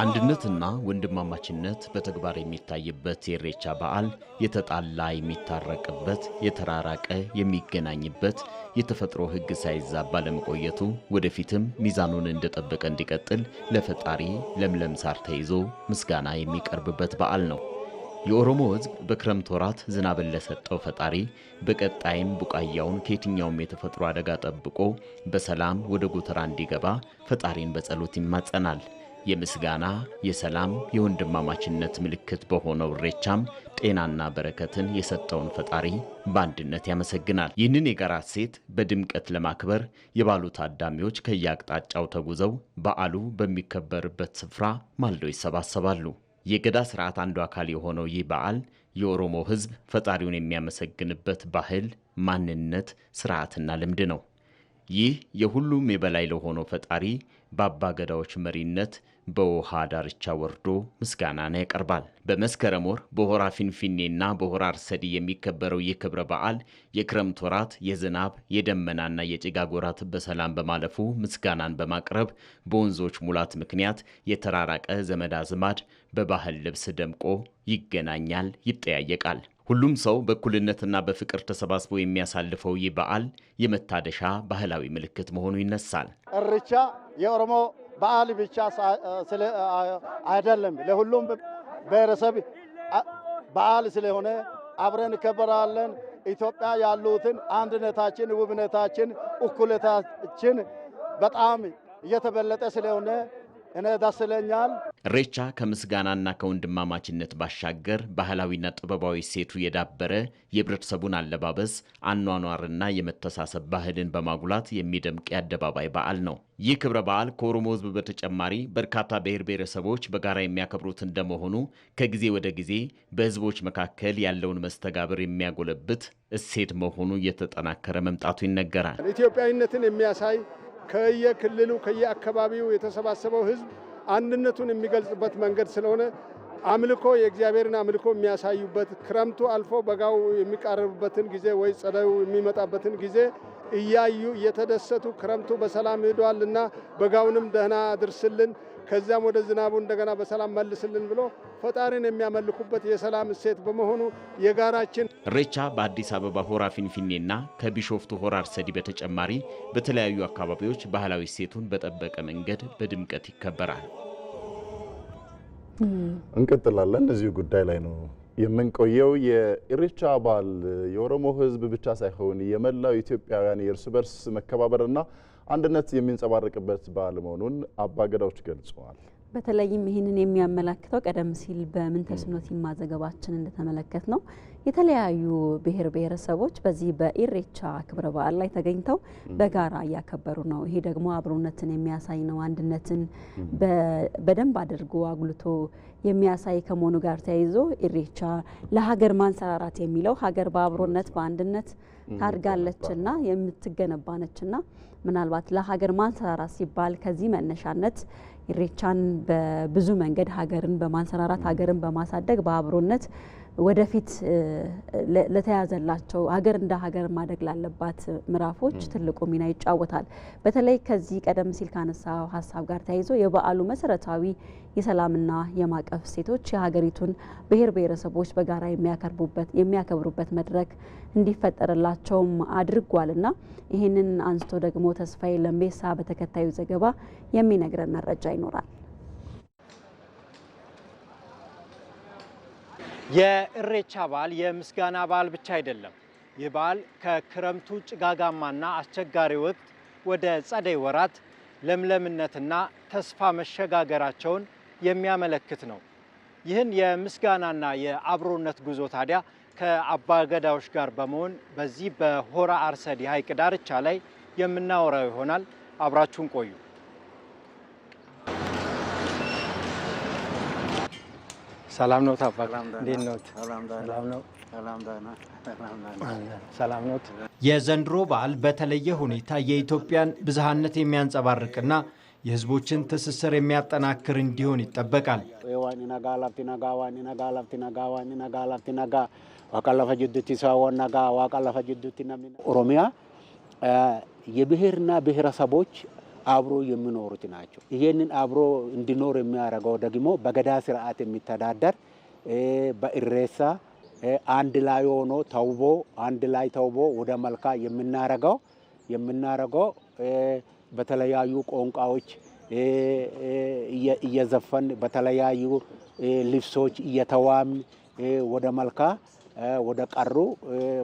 አንድነትና ወንድማማችነት በተግባር የሚታይበት የኢሬቻ በዓል የተጣላ የሚታረቅበት፣ የተራራቀ የሚገናኝበት የተፈጥሮ ሕግ ሳይዛባ ለመቆየቱ ወደፊትም ሚዛኑን እንደጠበቀ እንዲቀጥል ለፈጣሪ ለምለም ሳር ተይዞ ምስጋና የሚቀርብበት በዓል ነው። የኦሮሞ ሕዝብ በክረምት ወራት ዝናብን ለሰጠው ፈጣሪ በቀጣይም ቡቃያውን ከየትኛውም የተፈጥሮ አደጋ ጠብቆ በሰላም ወደ ጎተራ እንዲገባ ፈጣሪን በጸሎት ይማጸናል። የምስጋና የሰላም የወንድማማችነት ምልክት በሆነው ኢሬቻም ጤናና በረከትን የሰጠውን ፈጣሪ በአንድነት ያመሰግናል። ይህንን የጋራ እሴት በድምቀት ለማክበር የበዓሉ ታዳሚዎች ከየአቅጣጫው ተጉዘው በዓሉ በሚከበርበት ስፍራ ማልደው ይሰባሰባሉ። የገዳ ስርዓት አንዱ አካል የሆነው ይህ በዓል የኦሮሞ ሕዝብ ፈጣሪውን የሚያመሰግንበት ባህል፣ ማንነት፣ ስርዓትና ልምድ ነው። ይህ የሁሉም የበላይ ለሆነው ፈጣሪ በአባገዳዎች መሪነት በውሃ ዳርቻ ወርዶ ምስጋናን ያቀርባል። በመስከረም ወር በሆራ ፊንፊኔና በሆራ አርሰዲ የሚከበረው ይህ ክብረ በዓል የክረምት ወራት የዝናብ የደመናና የጭጋግ ወራት በሰላም በማለፉ ምስጋናን በማቅረብ በወንዞች ሙላት ምክንያት የተራራቀ ዘመድ አዝማድ በባህል ልብስ ደምቆ ይገናኛል፣ ይጠያየቃል። ሁሉም ሰው በእኩልነትና በፍቅር ተሰባስቦ የሚያሳልፈው ይህ በዓል የመታደሻ ባህላዊ ምልክት መሆኑ ይነሳል። እርቻ የኦሮሞ በዓል ብቻ አይደለም፣ ለሁሉም ብሔረሰብ በዓል ስለሆነ አብረን እንከበራለን። ኢትዮጵያ ያሉትን አንድነታችን፣ ውብነታችን፣ እኩልታችን በጣም እየተበለጠ ስለሆነ እኔ ደስ ይለኛል። እሬቻ ከምስጋናና ከወንድማማችነት ባሻገር ባህላዊና ጥበባዊ ሴቱ የዳበረ የህብረተሰቡን አለባበስ አኗኗርና የመተሳሰብ ባህልን በማጉላት የሚደምቅ የአደባባይ በዓል ነው። ይህ ክብረ በዓል ከኦሮሞ ህዝብ በተጨማሪ በርካታ ብሔር ብሔረሰቦች በጋራ የሚያከብሩት እንደመሆኑ ከጊዜ ወደ ጊዜ በህዝቦች መካከል ያለውን መስተጋብር የሚያጎለብት እሴት መሆኑ እየተጠናከረ መምጣቱ ይነገራል። ኢትዮጵያዊነትን የሚያሳይ ከየክልሉ ከየአካባቢው የተሰባሰበው ህዝብ አንድነቱን የሚገልጽበት መንገድ ስለሆነ አምልኮ የእግዚአብሔርን አምልኮ የሚያሳዩበት ክረምቱ አልፎ በጋው የሚቃረብበትን ጊዜ ወይ ጸደዩ የሚመጣበትን ጊዜ እያዩ እየተደሰቱ ክረምቱ በሰላም እና በጋውንም ደህና አድርስልን ከዚያም ወደ ዝናቡ እንደገና በሰላም መልስልን ብሎ ፈጣሪን የሚያመልኩበት የሰላም እሴት በመሆኑ የጋራችን ሬቻ በአዲስ አበባ ሆራ ፊንፊኔና ከቢሾፍቱ ሆራ አርሰዲ በተጨማሪ በተለያዩ አካባቢዎች ባህላዊ እሴቱን በጠበቀ መንገድ በድምቀት ይከበራል። እንቀጥላለን። እዚሁ ጉዳይ ላይ ነው የምንቆየው የኢሬቻ በዓል የኦሮሞ ሕዝብ ብቻ ሳይሆን የመላው ኢትዮጵያውያን የእርስ በርስ መከባበርና አንድነት የሚንጸባረቅበት በዓል መሆኑን አባገዳዎች ገልጸዋል። በተለይም ይህንን የሚያመላክተው ቀደም ሲል በምን ተስኖት ይማ እንደተመለከት ነው የተለያዩ ብሔር ብሔረሰቦች በዚህ በኢሬቻ ክብረ በዓል ላይ ተገኝተው በጋራ እያከበሩ ነው። ይሄ ደግሞ አብሮነትን የሚያሳይ ነው። አንድነትን በደንብ አድርጎ አጉልቶ የሚያሳይ ከመሆኑ ጋር ተያይዞ ኢሬቻ ለሀገር ማንሰራራት የሚለው ሀገር በአብሮነት በአንድነት ታድጋለችና ነችና ምናልባት ለሀገር ማንሰራራት ሲባል ከዚህ መነሻነት ኢሬቻን በብዙ መንገድ ሀገርን በማንሰራራት ሀገርን በማሳደግ በአብሮነት ወደፊት ለተያዘላቸው ሀገር እንደ ሀገር ማደግ ላለባት ምዕራፎች ትልቁ ሚና ይጫወታል። በተለይ ከዚህ ቀደም ሲል ካነሳው ሀሳብ ጋር ተያይዞ የበዓሉ መሰረታዊ የሰላምና የማቀፍ ሴቶች የሀገሪቱን ብሔር ብሔረሰቦች በጋራ የሚያከብሩበት መድረክ እንዲፈጠርላቸውም አድርጓልና ይህንን አንስቶ ደግሞ ተስፋዬ ለሜሳ በተከታዩ ዘገባ የሚነግረን መረጃ ይኖራል። የእሬቻ በዓል የምስጋና በዓል ብቻ አይደለም። ይህ በዓል ከክረምቱ ጭጋጋማና አስቸጋሪ ወቅት ወደ ጸደይ ወራት ለምለምነትና ተስፋ መሸጋገራቸውን የሚያመለክት ነው። ይህን የምስጋናና የአብሮነት ጉዞ ታዲያ ከአባገዳዎች ጋር በመሆን በዚህ በሆራ አርሰዲ ሐይቅ ዳርቻ ላይ የምናወራው ይሆናል። አብራችሁን ቆዩ። ሰላም ነው አባት፣ እንዴት ነው? ሰላም ነው። ሰላም ነው። የዘንድሮ በዓል በተለየ ሁኔታ የኢትዮጵያን ብዝሃነት የሚያንጸባርቅና የህዝቦችን ትስስር የሚያጠናክር እንዲሆን ይጠበቃል። ኦሮሚያ የብሔርና ብሔረሰቦች አብሮ የሚኖሩት ናቸው። ይህንን አብሮ እንዲኖር የሚያደርገው ደግሞ በገዳ ስርዓት የሚተዳደር በእሬሳ አንድ ላይ ሆኖ ተውቦ አንድ ላይ ተውቦ ወደ መልካ የምናረገው የምናረገው በተለያዩ ቋንቋዎች እየዘፈን በተለያዩ ልብሶች እየተዋም ወደ መልካ ወደ ቀሩ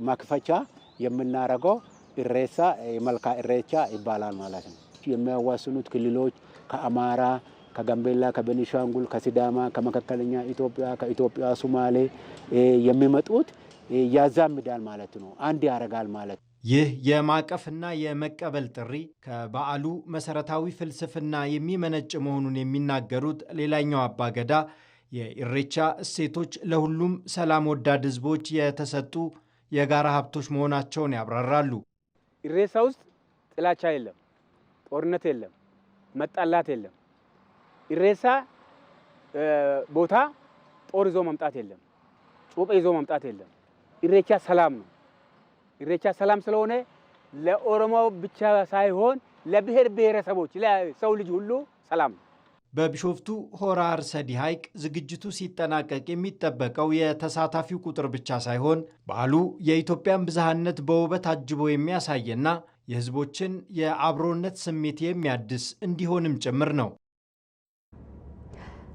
መክፈቻ የምናረገው እሬሳ መልካ እሬቻ ይባላል ማለት ነው። የሚያዋስኑት ክልሎች ከአማራ፣ ከጋምቤላ፣ ከቤኒሻንጉል፣ ከሲዳማ፣ ከመካከለኛ ኢትዮጵያ፣ ከኢትዮጵያ ሶማሌ የሚመጡት ያዛምዳል ማለት ነው። አንድ ያደርጋል ማለት ነው። ይህ የማቀፍና የመቀበል ጥሪ ከበዓሉ መሰረታዊ ፍልስፍና የሚመነጭ መሆኑን የሚናገሩት ሌላኛው አባገዳ የኢሬቻ እሴቶች ለሁሉም ሰላም ወዳድ ሕዝቦች የተሰጡ የጋራ ሀብቶች መሆናቸውን ያብራራሉ። ኢሬቻ ውስጥ ጥላቻ የለም። ጦርነት የለም፣ መጣላት የለም። ኢሬሳ ቦታ ጦር ይዞ መምጣት የለም፣ ጩቤ ይዞ መምጣት የለም። ኢሬቻ ሰላም ነው። ኢሬቻ ሰላም ስለሆነ ለኦሮሞ ብቻ ሳይሆን ለብሔር ብሔረሰቦች ለሰው ልጅ ሁሉ ሰላም ነው። በቢሾፍቱ ሆራ አርሰዲ ሐይቅ ዝግጅቱ ሲጠናቀቅ የሚጠበቀው የተሳታፊው ቁጥር ብቻ ሳይሆን በዓሉ የኢትዮጵያን ብዝሃነት በውበት አጅቦ የሚያሳይና የህዝቦችን የአብሮነት ስሜት የሚያድስ እንዲሆንም ጭምር ነው።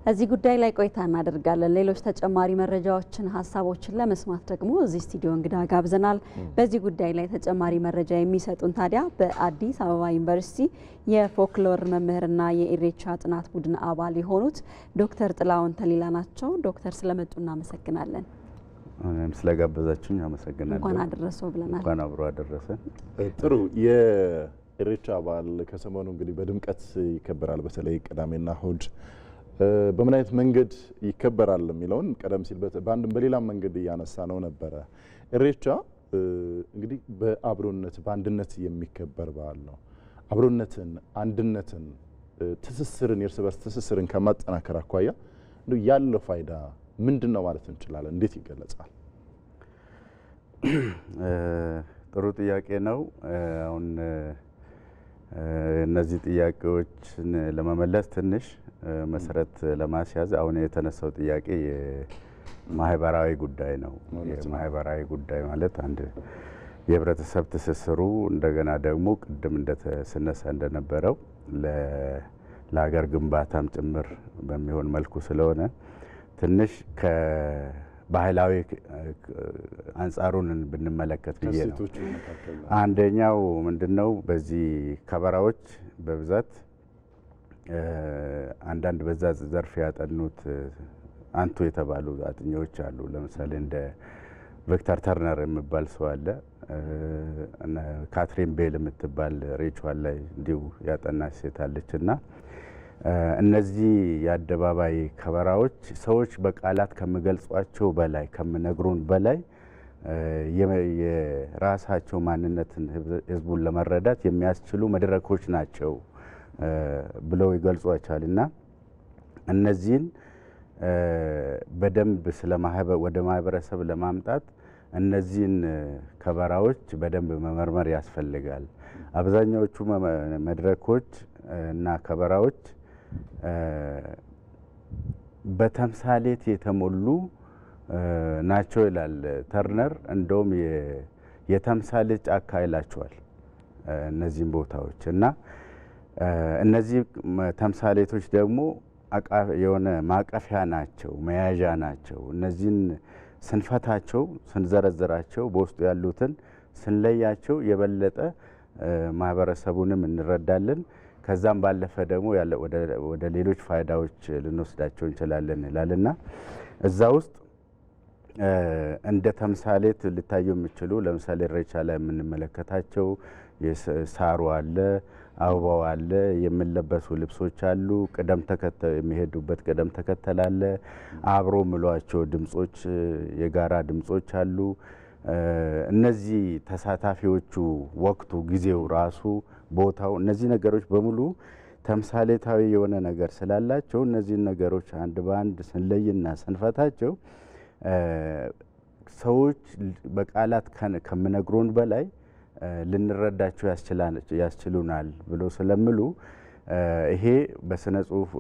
እዚህ ጉዳይ ላይ ቆይታ እናደርጋለን። ሌሎች ተጨማሪ መረጃዎችን፣ ሀሳቦችን ለመስማት ደግሞ እዚህ ስቱዲዮ እንግዳ ጋብዘናል። በዚህ ጉዳይ ላይ ተጨማሪ መረጃ የሚሰጡን ታዲያ በአዲስ አበባ ዩኒቨርሲቲ የፎክሎር መምህርና የኢሬቻ ጥናት ቡድን አባል የሆኑት ዶክተር ጥላውን ተሊላ ናቸው። ዶክተር ስለመጡ እናመሰግናለን። እኔም ስለጋበዛችሁኝ አመሰግናለሁ። እንኳን አደረሰው ብለናል። እንኳን አብሮ አደረሰ። ጥሩ የኢሬቻ በዓል ከሰሞኑ እንግዲህ በድምቀት ይከበራል። በተለይ ቅዳሜና እሁድ በምን አይነት መንገድ ይከበራል የሚለውን ቀደም ሲል በአንድም በሌላም መንገድ እያነሳ ነው ነበረ። ኢሬቻ እንግዲህ በአብሮነት በአንድነት የሚከበር በዓል ነው። አብሮነትን፣ አንድነትን፣ ትስስርን የእርስ በርስ ትስስርን ከማጠናከር አኳያ ያለው ፋይዳ ምንድን ነው ማለት እንችላለን? እንዴት ይገለጻል? ጥሩ ጥያቄ ነው። አሁን እነዚህ ጥያቄዎችን ለመመለስ ትንሽ መሰረት ለማስያዝ አሁን የተነሳው ጥያቄ የማህበራዊ ጉዳይ ነው። የማህበራዊ ጉዳይ ማለት አንድ የህብረተሰብ ትስስሩ እንደገና ደግሞ ቅድም እንደተስነሳ እንደነበረው ለሀገር ግንባታም ጭምር በሚሆን መልኩ ስለሆነ ትንሽ ከባህላዊ አንጻሩን ብንመለከት ብዬ ነው። አንደኛው ምንድነው በዚህ ከበራዎች በብዛት አንዳንድ በዛ ዘርፍ ያጠኑት አንቱ የተባሉ አጥኚዎች አሉ። ለምሳሌ እንደ ቪክተር ተርነር የሚባል ሰው አለ። ካትሪን ቤል የምትባል ሬቿን ላይ እንዲሁ ያጠናች ሴት አለች እና እነዚህ የአደባባይ ከበራዎች ሰዎች በቃላት ከምገልጿቸው በላይ ከምነግሩን በላይ የራሳቸው ማንነትን ህዝቡን ለመረዳት የሚያስችሉ መድረኮች ናቸው ብለው ይገልጿቸዋል እና እነዚህን በደንብ ወደ ማህበረሰብ ለማምጣት እነዚህን ከበራዎች በደንብ መመርመር ያስፈልጋል። አብዛኛዎቹ መድረኮች እና ከበራዎች በተምሳሌት የተሞሉ ናቸው ይላል ተርነር። እንደውም የተምሳሌት ጫካ ይላቸዋል እነዚህም ቦታዎች እና እነዚህ ተምሳሌቶች ደግሞ የሆነ ማቀፊያ ናቸው፣ መያዣ ናቸው። እነዚህን ስንፈታቸው፣ ስንዘረዝራቸው፣ በውስጡ ያሉትን ስንለያቸው የበለጠ ማህበረሰቡንም እንረዳለን። ከዛም ባለፈ ደግሞ ወደ ሌሎች ፋይዳዎች ልንወስዳቸው እንችላለን ይላልና እዛ ውስጥ እንደ ተምሳሌት ሊታዩ የሚችሉ ለምሳሌ ሬቻ ላይ የምንመለከታቸው ሳሩ አለ፣ አበባው አለ፣ የምንለበሱ ልብሶች አሉ፣ ቅደም ተከተል የሚሄዱበት ቅደም ተከተል አለ፣ አብሮ ምሏቸው ድምጾች፣ የጋራ ድምጾች አሉ። እነዚህ ተሳታፊዎቹ፣ ወቅቱ፣ ጊዜው ራሱ ቦታው፣ እነዚህ ነገሮች በሙሉ ተምሳሌታዊ የሆነ ነገር ስላላቸው እነዚህን ነገሮች አንድ በአንድ ስንለይና ስንፈታቸው ሰዎች በቃላት ከምነግሮን በላይ ልንረዳቸው ያስችሉናል ብሎ ስለምሉ ይሄ በስነ ጽሁፍ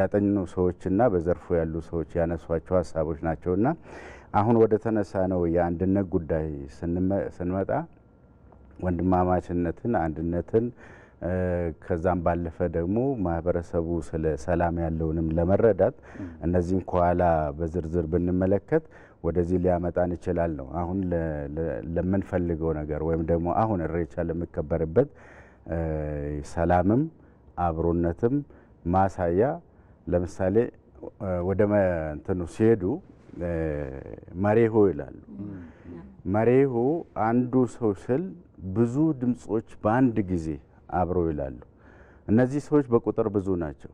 ያጠኑ ሰዎችና በዘርፉ ያሉ ሰዎች ያነሷቸው ሀሳቦች ናቸውና አሁን ወደ ተነሳ ነው የአንድነት ጉዳይ ስንመጣ ወንድማማችነትን፣ አንድነትን ከዛም ባለፈ ደግሞ ማህበረሰቡ ስለ ሰላም ያለውንም ለመረዳት እነዚህን ከኋላ በዝርዝር ብንመለከት ወደዚህ ሊያመጣን ይችላል ነው። አሁን ለምንፈልገው ነገር ወይም ደግሞ አሁን እሬቻ ለሚከበርበት ሰላምም አብሮነትም ማሳያ ለምሳሌ ወደ እንትኑ ሲሄዱ መሬሆ ይላሉ። መሬሆ አንዱ ሰው ስል ብዙ ድምጾች በአንድ ጊዜ አብረው ይላሉ። እነዚህ ሰዎች በቁጥር ብዙ ናቸው፣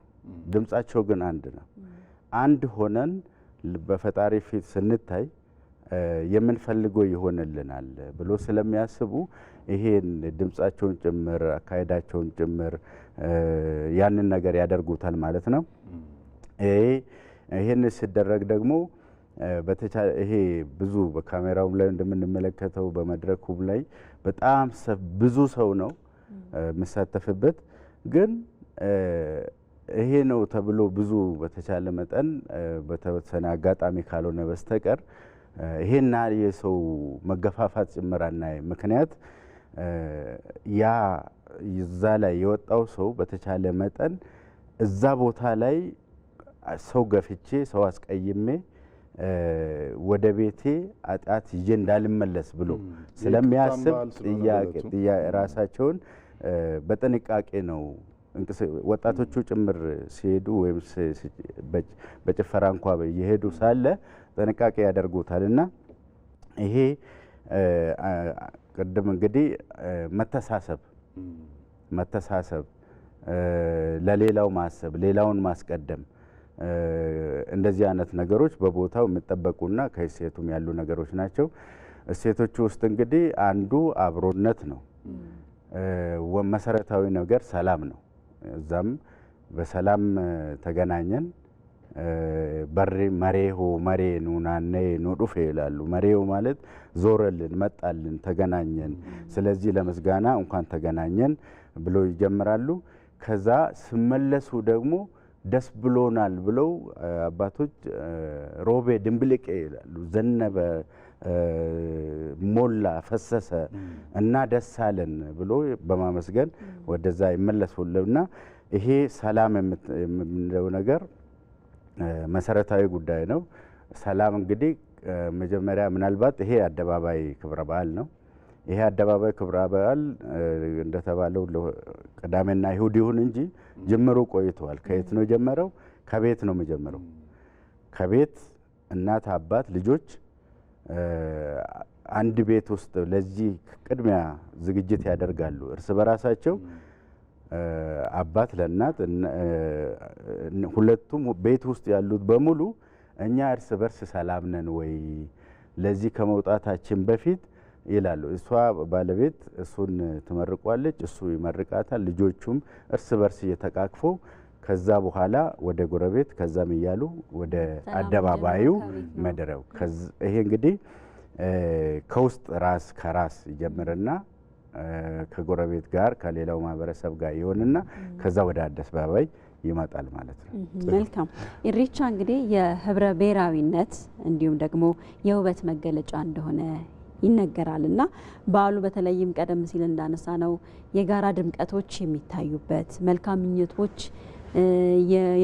ድምፃቸው ግን አንድ ነው። አንድ ሆነን በፈጣሪ ፊት ስንታይ የምንፈልገው ይሆንልናል ብሎ ስለሚያስቡ ይሄን ድምፃቸውን ጭምር አካሄዳቸውን ጭምር ያንን ነገር ያደርጉታል ማለት ነው። ይሄን ሲደረግ ደግሞ በተቻለ ይሄ ብዙ በካሜራውም ላይ እንደምንመለከተው በመድረኩም ላይ በጣም ብዙ ሰው ነው የምሳተፍበት። ግን ይሄ ነው ተብሎ ብዙ በተቻለ መጠን በተወሰነ አጋጣሚ ካልሆነ በስተቀር ይሄና የሰው መገፋፋት ጭምራና ምክንያት ያ እዛ ላይ የወጣው ሰው በተቻለ መጠን እዛ ቦታ ላይ ሰው ገፍቼ ሰው አስቀይሜ ወደ ቤቴ አጣት ይዤ እንዳልመለስ ብሎ ስለሚያስብ ራሳቸውን በጥንቃቄ ነው ወጣቶቹ ጭምር ሲሄዱ ወይም በጭፈራ እንኳ እየሄዱ ሳለ ጥንቃቄ ያደርጉታል እና ይሄ ቅድም እንግዲህ መተሳሰብ መተሳሰብ፣ ለሌላው ማሰብ፣ ሌላውን ማስቀደም እንደዚህ አይነት ነገሮች በቦታው የሚጠበቁና ከእሴቱም ያሉ ነገሮች ናቸው። እሴቶቹ ውስጥ እንግዲህ አንዱ አብሮነት ነው። መሰረታዊ ነገር ሰላም ነው። እዛም በሰላም ተገናኘን በሬ መሬሆ መሬ ኑናኔ ኑዱፌ ይላሉ። መሬው ማለት ዞረልን፣ መጣልን፣ ተገናኘን። ስለዚህ ለምስጋና እንኳን ተገናኘን ብሎ ይጀምራሉ። ከዛ ስመለሱ ደግሞ ደስ ብሎናል ብለው አባቶች ሮቤ ድንብልቄ ይላሉ፣ ዘነበ፣ ሞላ፣ ፈሰሰ እና ደስ አለን ብሎ በማመስገን ወደዛ ይመለሱልና ይሄ ሰላም የምንለው ነገር መሰረታዊ ጉዳይ ነው። ሰላም እንግዲህ መጀመሪያ ምናልባት ይሄ አደባባይ ክብረ በዓል ነው። ይሄ አደባባይ ክብረ በዓል እንደተባለው ቅዳሜና ይሁድ ይሁን እንጂ ጅምሩ ቆይተዋል። ከየት ነው የጀመረው? ከቤት ነው የሚጀምረው። ከቤት እናት፣ አባት፣ ልጆች አንድ ቤት ውስጥ ለዚህ ቅድሚያ ዝግጅት ያደርጋሉ። እርስ በራሳቸው አባት ለእናት ሁለቱም ቤት ውስጥ ያሉት በሙሉ እኛ እርስ በርስ ሰላም ነን ወይ ለዚህ ከመውጣታችን በፊት ይላሉ። እሷ ባለቤት እሱን ትመርቋለች፣ እሱ ይመርቃታል። ልጆቹም እርስ በርስ እየተቃቅፎ ከዛ በኋላ ወደ ጎረቤት ከዛም እያሉ ወደ አደባባዩ መድረው ይሄ እንግዲህ ከውስጥ ራስ ከራስ ይጀምርና ከጎረቤት ጋር ከሌላው ማህበረሰብ ጋር ይሆንና ከዛ ወደ አደባባይ ይመጣል ማለት ነው። መልካም ኢሬቻ እንግዲህ የህብረ ብሔራዊነት እንዲሁም ደግሞ የውበት መገለጫ እንደሆነ ይነገራል እና በዓሉ በተለይም ቀደም ሲል እንዳነሳ ነው የጋራ ድምቀቶች የሚታዩበት መልካም ምኞቶች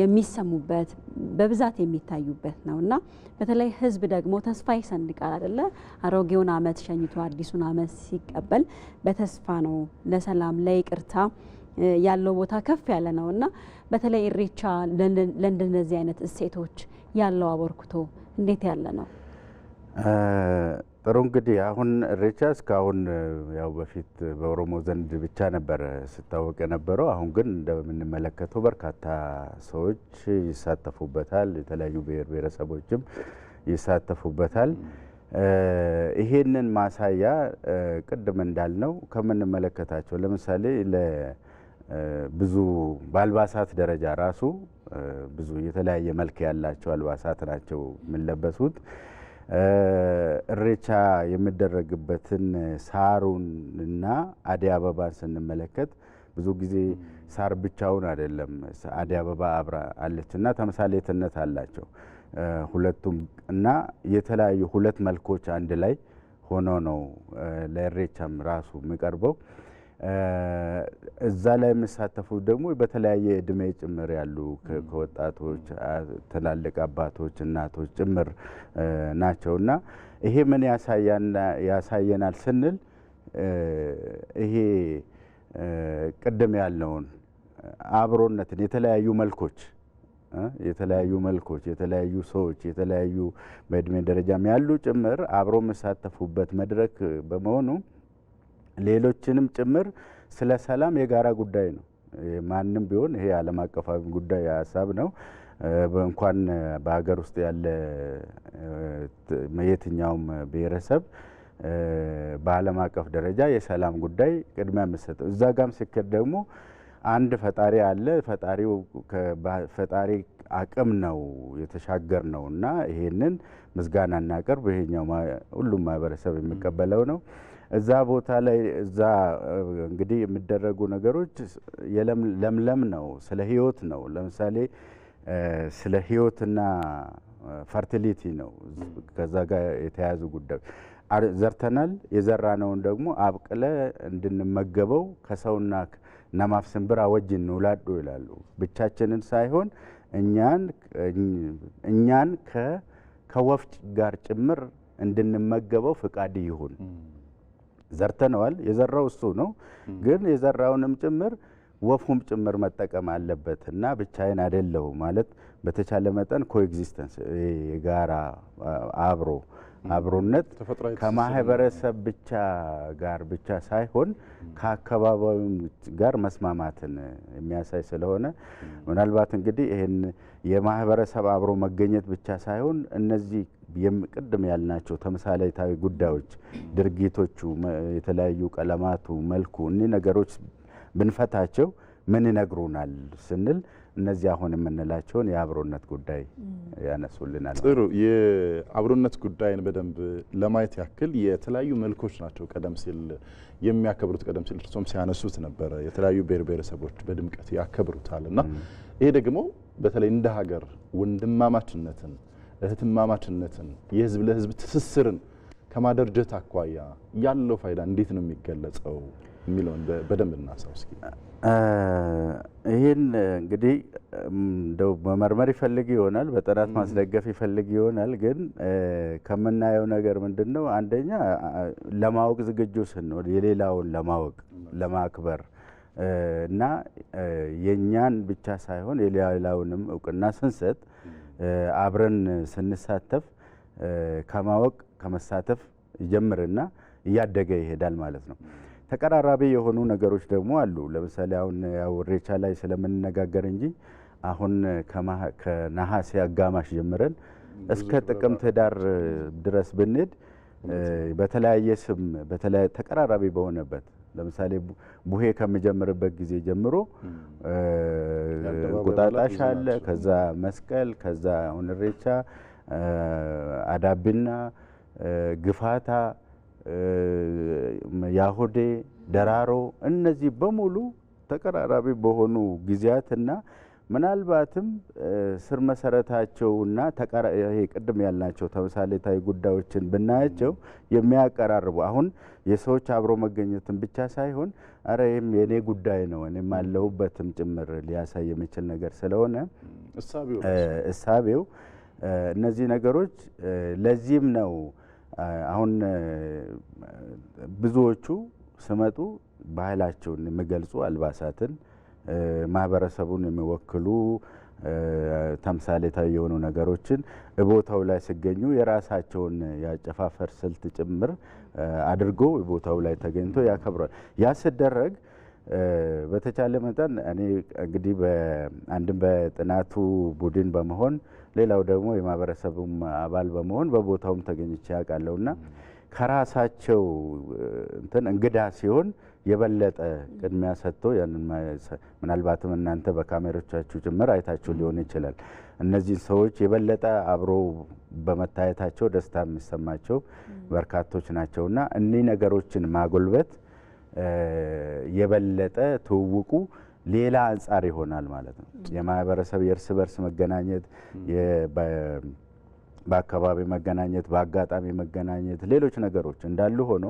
የሚሰሙበት በብዛት የሚታዩበት ነው እና በተለይ ህዝብ ደግሞ ተስፋ ይሰንቃል አይደለ? አሮጌውን አመት ሸኝቶ አዲሱን አመት ሲቀበል በተስፋ ነው። ለሰላም ለይቅርታ ያለው ቦታ ከፍ ያለ ነው እና በተለይ ኢሬቻ ለእንደነዚህ አይነት እሴቶች ያለው አበርክቶ እንዴት ያለ ነው? ጥሩ እንግዲህ አሁን ኢሬቻ እስካሁን ያው በፊት በኦሮሞ ዘንድ ብቻ ነበር ስታወቅ የነበረው። አሁን ግን እንደምንመለከተው በርካታ ሰዎች ይሳተፉበታል። የተለያዩ ብሔር ብሔረሰቦችም ይሳተፉበታል። ይሄንን ማሳያ ቅድም እንዳልነው ከምንመለከታቸው ለምሳሌ ብዙ በአልባሳት ደረጃ ራሱ ብዙ የተለያየ መልክ ያላቸው አልባሳት ናቸው የሚለበሱት። እሬቻ የሚደረግበትን ሳሩን እና አደይ አበባን ስንመለከት ብዙ ጊዜ ሳር ብቻውን አይደለም፣ አደይ አበባ አብራ አለች እና ተምሳሌትነት አላቸው ሁለቱም እና የተለያዩ ሁለት መልኮች አንድ ላይ ሆኖ ነው ለእሬቻም ራሱ የሚቀርበው። እዛ ላይ የሚሳተፉ ደግሞ በተለያየ እድሜ ጭምር ያሉ ከወጣቶች ትላልቅ አባቶች፣ እናቶች ጭምር ናቸው እና ይሄ ምን ያሳየናል ስንል ይሄ ቅድም ያለውን አብሮነትን የተለያዩ መልኮች የተለያዩ መልኮች የተለያዩ ሰዎች የተለያዩ በእድሜ ደረጃም ያሉ ጭምር አብሮ የሚሳተፉበት መድረክ በመሆኑ ሌሎችንም ጭምር ስለ ሰላም የጋራ ጉዳይ ነው። ማንም ቢሆን ይሄ ዓለም አቀፋዊ ጉዳይ ሀሳብ ነው። እንኳን በሀገር ውስጥ ያለ የትኛውም ብሔረሰብ በዓለም አቀፍ ደረጃ የሰላም ጉዳይ ቅድሚያ የምሰጠው እዛ ጋም ሲክር ደግሞ አንድ ፈጣሪ አለ። ፈጣሪው ፈጣሪ አቅም ነው የተሻገር ነው እና ይሄንን ምስጋና እናቀርብ። ይሄኛው ሁሉም ማህበረሰብ የሚቀበለው ነው። እዛ ቦታ ላይ እዛ እንግዲህ የሚደረጉ ነገሮች ለምለም ነው፣ ስለ ህይወት ነው። ለምሳሌ ስለ ህይወትና ፈርቲሊቲ ነው። ከዛ ጋር የተያያዙ ጉዳዮች ዘርተናል። የዘራነውን ደግሞ አብቅለ እንድንመገበው ከሰውና ነማፍ ስንብር አወጅ እንውላዱ ይላሉ። ብቻችንን ሳይሆን እኛን ከወፍጭ ጋር ጭምር እንድንመገበው ፍቃድ ይሁን ዘርተነዋል። የዘራው እሱ ነው፣ ግን የዘራውንም ጭምር ወፉም ጭምር መጠቀም አለበት እና ብቻዬን አደለው ማለት በተቻለ መጠን ኮኤግዚስተንስ የጋራ አብሮ አብሮነት ከማህበረሰብ ብቻ ጋር ብቻ ሳይሆን ከአካባቢውም ጋር መስማማትን የሚያሳይ ስለሆነ ምናልባት እንግዲህ ይህን የማህበረሰብ አብሮ መገኘት ብቻ ሳይሆን እነዚህ ቅድም ያልናቸው ተምሳሌታዊ ጉዳዮች፣ ድርጊቶቹ፣ የተለያዩ ቀለማቱ፣ መልኩ እኒህ ነገሮች ብንፈታቸው ምን ይነግሩናል ስንል እነዚህ አሁን የምንላቸውን የአብሮነት ጉዳይ ያነሱልናል። ጥሩ የአብሮነት ጉዳይን በደንብ ለማየት ያክል የተለያዩ መልኮች ናቸው። ቀደም ሲል የሚያከብሩት ቀደም ሲል እርሶም ሲያነሱት ነበረ። የተለያዩ ብሔር ብሔረሰቦች በድምቀት ያከብሩታል እና ይሄ ደግሞ በተለይ እንደ ሀገር ወንድማማችነትን እህትማማችነትን የህዝብ ለህዝብ ትስስርን ከማደርጀት አኳያ ያለው ፋይዳ እንዴት ነው የሚገለጸው የሚለውን በደንብ እናሳው እስኪ። ይህን እንግዲህ እንደው መመርመር ይፈልግ ይሆናል፣ በጥናት ማስደገፍ ይፈልግ ይሆናል። ግን ከምናየው ነገር ምንድን ነው? አንደኛ ለማወቅ ዝግጁ ስንሆን የሌላውን ለማወቅ ለማክበር እና የእኛን ብቻ ሳይሆን የሌላውንም እውቅና ስንሰጥ አብረን ስንሳተፍ ከማወቅ ከመሳተፍ ይጀምርና እያደገ ይሄዳል ማለት ነው። ተቀራራቢ የሆኑ ነገሮች ደግሞ አሉ። ለምሳሌ አሁን ያው ኢሬቻ ላይ ስለምንነጋገር እንጂ አሁን ከነሐሴ አጋማሽ ጀምረን እስከ ጥቅምት ዳር ድረስ ብንሄድ በተለያየ ስም ተቀራራቢ በሆነበት ለምሳሌ ቡሄ ከሚጀምርበት ጊዜ ጀምሮ እንቁጣጣሽ አለ፣ ከዛ መስቀል፣ ከዛ አሁን አዳብና፣ ግፋታ፣ ያሁዴ ደራሮ እነዚህ በሙሉ ተቀራራቢ በሆኑ ጊዜያትና ምናልባትም ስር መሰረታቸውና ይሄ ቅድም ያልናቸው ተምሳሌታዊ ጉዳዮችን ብናያቸው የሚያቀራርቡ አሁን የሰዎች አብሮ መገኘትን ብቻ ሳይሆን አረ ይህም የእኔ ጉዳይ ነው እኔም አለሁበትም ጭምር ሊያሳይ የሚችል ነገር ስለሆነ እሳቤው እነዚህ ነገሮች ለዚህም ነው አሁን ብዙዎቹ ስመጡ ባህላቸውን የሚገልጹ አልባሳትን ማህበረሰቡን የሚወክሉ ተምሳሌታዊ የሆኑ ነገሮችን ቦታው ላይ ሲገኙ የራሳቸውን የአጨፋፈር ስልት ጭምር አድርጎ ቦታው ላይ ተገኝቶ ያከብሯል ያ ሲደረግ በተቻለ መጠን እኔ እንግዲህ አንድም በጥናቱ ቡድን በመሆን ሌላው ደግሞ የማህበረሰቡም አባል በመሆን በቦታውም ተገኝቼ ያውቃለሁና ከራሳቸው እንትን እንግዳ ሲሆን የበለጠ ቅድሚያ ሰጥቶ ያንን ምናልባትም እናንተ በካሜሮቻችሁ ጭምር አይታችሁ ሊሆን ይችላል። እነዚህ ሰዎች የበለጠ አብሮ በመታየታቸው ደስታ የሚሰማቸው በርካቶች ናቸውና እኒህ ነገሮችን ማጎልበት የበለጠ ትውውቁ ሌላ አንጻር ይሆናል ማለት ነው። የማህበረሰብ የእርስ በርስ መገናኘት በአካባቢ መገናኘት፣ በአጋጣሚ መገናኘት፣ ሌሎች ነገሮች እንዳሉ ሆኖ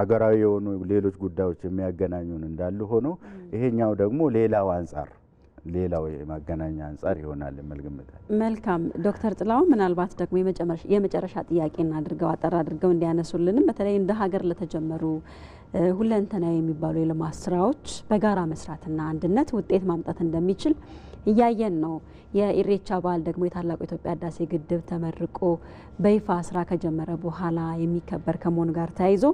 አገራዊ የሆኑ ሌሎች ጉዳዮች የሚያገናኙን እንዳሉ ሆኖ ይሄኛው ደግሞ ሌላው አንጻር ሌላው የማገናኛ አንጻር ይሆናል መልግምታል። መልካም ዶክተር ጥላው ምናልባት ደግሞ የመጨረሻ ጥያቄ አድርገው አጠር አድርገው እንዲያነሱልንም በተለይ እንደ ሀገር ለተጀመሩ ሁለንተናዊ የሚባሉ የልማት ስራዎች በጋራ መስራትና አንድነት ውጤት ማምጣት እንደሚችል እያየን ነው። የኢሬቻ በዓል ደግሞ የታላቁ የኢትዮጵያ ህዳሴ ግድብ ተመርቆ በይፋ ስራ ከጀመረ በኋላ የሚከበር ከመሆኑ ጋር ተያይዞ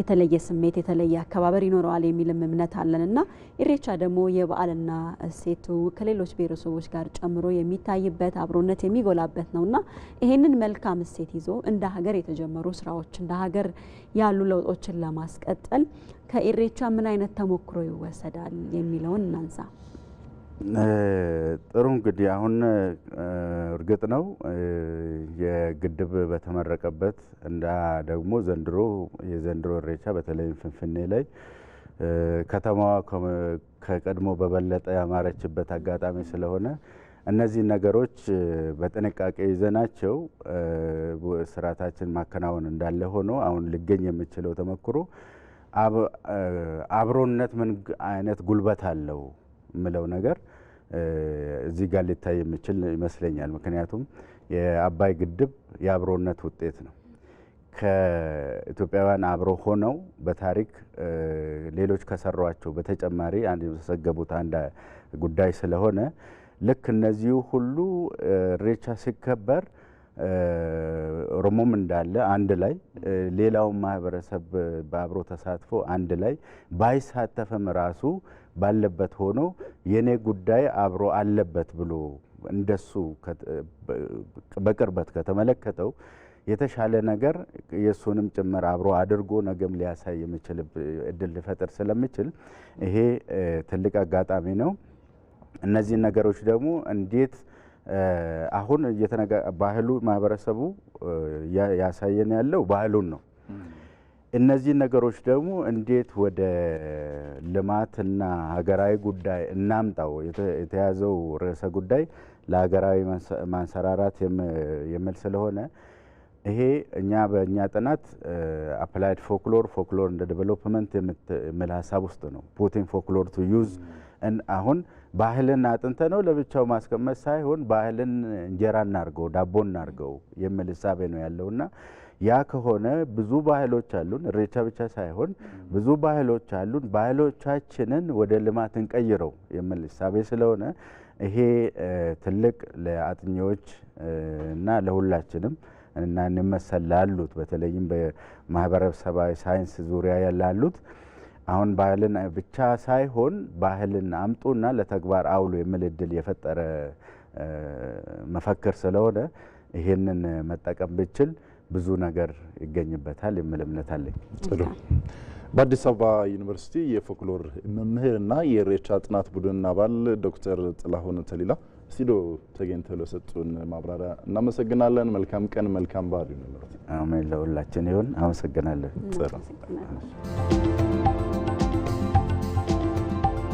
የተለየ ስሜት የተለየ አከባበር ይኖረዋል የሚልም እምነት አለን ኢሬቻ ደግሞ የበዓልና እሴቱ ከሌሎች ብሔረሰቦች ጋር ጨምሮ የሚታይበት አብሮነት የሚጎላበት ነው ይህንን ይሄንን መልካም እሴት ይዞ እንደ ሀገር የተጀመሩ ስራዎች እንደ ሀገር ያሉ ለውጦችን ለማስቀጠል ከኢሬቻ ምን አይነት ተሞክሮ ይወሰዳል የሚለውን እናንሳ። ጥሩ እንግዲህ አሁን እርግጥ ነው የግድብ በተመረቀበት እንዳ ደግሞ ዘንድሮ የዘንድሮ እሬቻ በተለይም ፍንፍኔ ላይ ከተማዋ ከቀድሞ በበለጠ ያማረችበት አጋጣሚ ስለሆነ እነዚህ ነገሮች በጥንቃቄ ይዘናቸው ስርዓታችን ማከናወን እንዳለ ሆኖ አሁን ሊገኝ የምችለው ተመክሮ አብሮነት ምን አይነት ጉልበት አለው የምለው ነገር እዚህ ጋር ሊታይ የሚችል ይመስለኛል። ምክንያቱም የአባይ ግድብ የአብሮነት ውጤት ነው። ከኢትዮጵያውያን አብሮ ሆነው በታሪክ ሌሎች ከሰሯቸው በተጨማሪ አንድ የተዘገቡት አንድ ጉዳይ ስለሆነ ልክ እነዚሁ ሁሉ ኢሬቻ ሲከበር ኦሮሞም እንዳለ አንድ ላይ ሌላውን ማህበረሰብ በአብሮ ተሳትፎ አንድ ላይ ባይሳተፍም ራሱ ባለበት ሆኖ የኔ ጉዳይ አብሮ አለበት ብሎ እንደሱ በቅርበት ከተመለከተው የተሻለ ነገር የእሱንም ጭምር አብሮ አድርጎ ነገም ሊያሳይ የምችል እድል ሊፈጥር ስለምችል ይሄ ትልቅ አጋጣሚ ነው። እነዚህን ነገሮች ደግሞ እንዴት አሁን ባህሉ ማህበረሰቡ ያሳየን ያለው ባህሉን ነው። እነዚህ ነገሮች ደግሞ እንዴት ወደ ልማትና ሀገራዊ ጉዳይ እናምጣው? የተያዘው ርዕሰ ጉዳይ ለሀገራዊ ማንሰራራት የሚል ስለሆነ ይሄ እኛ በእኛ ጥናት አፕላይድ ፎክሎር ፎክሎር እንደ ዴቨሎፕመንት የሚል ሀሳብ ውስጥ ነው ፑቲን ፎክሎር ቱ ዩዝ አሁን ባህልን አጥንተ ነው ለብቻው ማስቀመጥ ሳይሆን ባህልን እንጀራ እናርገው ዳቦ እናርገው hmm. የምል ህሳቤ ነው ያለውና ያ ከሆነ ብዙ ባህሎች አሉን፣ እሬቻ ብቻ ሳይሆን ብዙ ባህሎች አሉን። ባህሎቻችንን ወደ ልማት እንቀይረው የሚል እሳቤ ስለሆነ ይሄ ትልቅ ለአጥኚዎች እና ለሁላችንም እና እንመሰል ላሉት በተለይም በማህበረሰባዊ ሳይንስ ዙሪያ ያላሉት አሁን ባህልን ብቻ ሳይሆን ባህልን አምጡና ለተግባር አውሉ የሚል እድል የፈጠረ መፈክር ስለሆነ ይህንን መጠቀም ብችል ብዙ ነገር ይገኝበታል የሚል እምነት አለኝ። ጥሩ። በአዲስ አበባ ዩኒቨርሲቲ የፎክሎር መምህርና የኢሬቻ ጥናት ቡድን አባል ዶክተር ጥላሁን ተሊላ ሲዶ ተገኝተው ለሰጡን ማብራሪያ እናመሰግናለን። መልካም ቀን፣ መልካም በዓል ይሁንልዎት። አሜን። ለሁላችን ይሁን። አመሰግናለን። ጥሩ